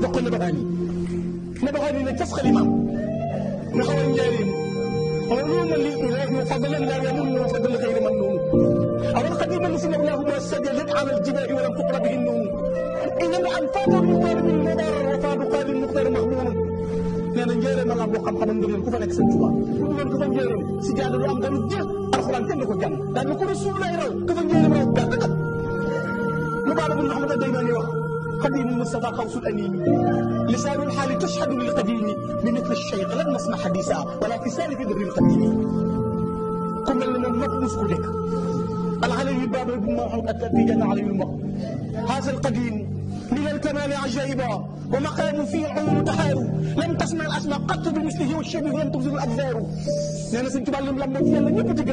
bokkul نبغاني نبغاني nag الإمام نخوان nga xaw اللي njaareem ومن الذي من فضل لا يمن من فضل غير ممنون أو القديم الذي سمعناه مسجد على الجبال ولم تقر به النون إن الأنفاق المقال من المدار الرفاق قال المختار مهمون لأن نجار ما غاب وقام قام من الكفر أكسن توا من الكفر جار سجال الأم دم الجه القرآن تنك وجم لأن كل رسول لا يرى كفر جار ما يبقى مبارك محمد دايما يوخ قديم مصطفى قوس الأمين لسان الحال تشهد للقديم من مثل الشيخ لن نسمع حديثا ولا في سالف ذر القديم كما لنا النقم مسكولك العلي الباب الموحد التي علي المرء هذا القديم من الكمال عجائبا ومقام فيه العيون تحار لم تسمع الاسماء قط بمثله والشبه لم تبذل الأجزار لأن na suñ لما lim lam moom yàlla ñëpp ci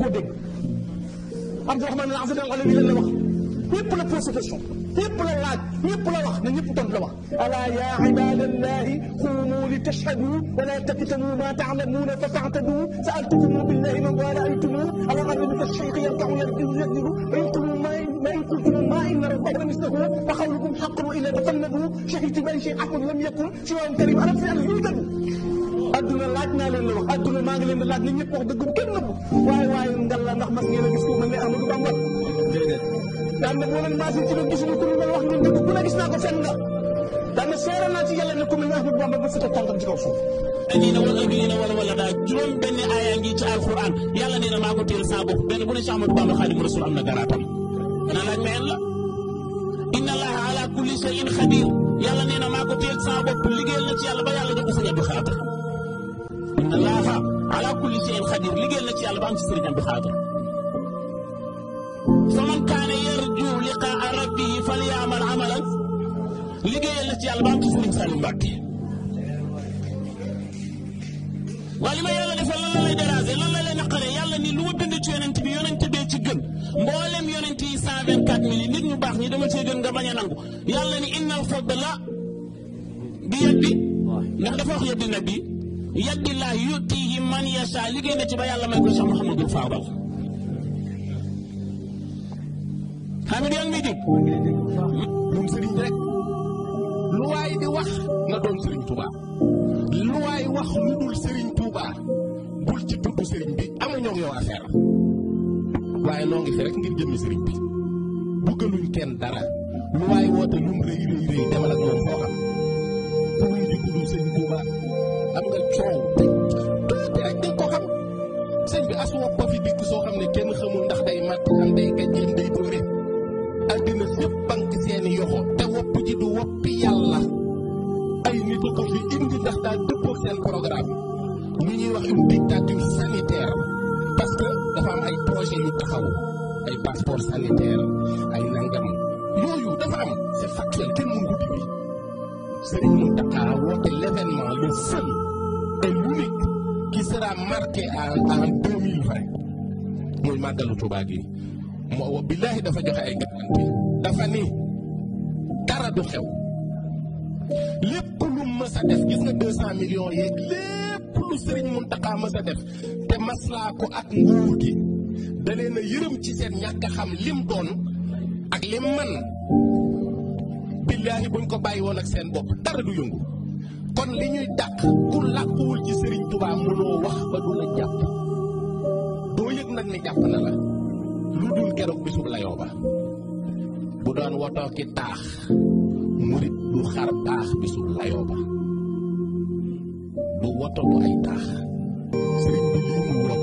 gëlëm عبد الرحمن العزيز العلي nopp mësu ñëpp la constitution ñëpp la laaj ñëpp la wax ne ñëpp doon la wax alaa yaa ibadallahi qumu li tashhadu wala takitanu ma taalamuuna fa taatadu saaltukumu billahi man wala aytumu ala rajulika shaykh yarfacu yadihi wa yaqulu ما إن كنتم ما إن ربكم مثله فقولكم حق وإلا تفندوا شهدت بأي شيء حق لم يكن سوى كريم أنا في الهيدل adduna laaj naa leen la wax adduna maa ngi leen di laaj nit ñëpp wax dëggum kenn nëbbu waaye waaye ngalla ndax mas ngeen a gis ko mel ne Amadou Bamba déedéet daan na boo leen maasee ci doon gisuñu wax ngeen dëgg ku ne naa ko fenn nga daan ci yàlla ne ku mel ne Bamba ba fi teg tànkam ci kaw suuf nii na wala ak nii daa juróom benn aaya ngi ci alxuraan yàlla nee na maa ko téel saa bopp benn bu ne Cheikh Ahmadou Bamba Xaadimu Rasuul am na garaatam naa laaj meen la inna allaha ala kulli shay'in xadir yàlla nee na maa ko téel saa ci yàlla ba yàlla da ko sëriñ Abdou Xaadir liqaa rabbihi falyaamal amalan liggéeyal na ci yàlla ba am ci sëriñ Saliou Mbacke waaye li ma yàlla defal lan la lay déranger lan la lay naqaree yàlla ni lu ma bind ci yonent bi yonent bee ci gën mboolem yonent yi 124 mille nit ñu baax ñi dama cee gën nga bañ a nangu yàlla ni innal fadla bi yaddi ndax dafa wax yaddi nabi yaddi laa yutihi man yasha liggéey na ci ba yàlla may ko Cheikh Mouhamadul Fadal xam nga yaa ngi may dégg moom sëriñ rek lu waay di wax na doon sëriñ Touba lu waay wax lu dul sëriñ Touba bul ci tudd sëriñ bi amuñoo yow affaire waaye noo ngi fi rek ngir jëmmi sëriñ bi bëggaluñ kenn dara lu waay woote lum rëy rëy rëy demal ak moom foo xam bëgguñ ci tudd sëriñ Touba am nga coow tuuti rek di ko xam sëñ bi as ko fi dikk soo xam ne kenn xamul ndax day mat am day gàjjil day bëre ñoo ko fi ndax daa dëppoo seen programme ñu ñuy wax une dictature sanitaire parce que dafa am ay projet yu taxaw ay passeport sanitaire ay nangam yooyu dafa am c' est factuel kenn mënu ko dindi Serigne Mountakha a woote l' événement le seul et l'unique qui sera marqué en en deux mille vingt mooy màggalu Tuubaa gi moo billaahi dafa joxe ay garanti dafa ni dara du xew. lépp lu mës a def gis nga 200 millions yeeg lépp lu sëriñ Muntaxa mës a def te maslaa ko ak nguur gi da leen a yërëm ci seen ñàkk a xam lim doon ak lim man billaahi buñ ko bàyyi woon ak seen bopp dara du yëngu kon li ñuy ku ci wax ba du la na la lu dul keroog bisub layoo ba bu doon woto ki weesu layoo woto du ay taax bi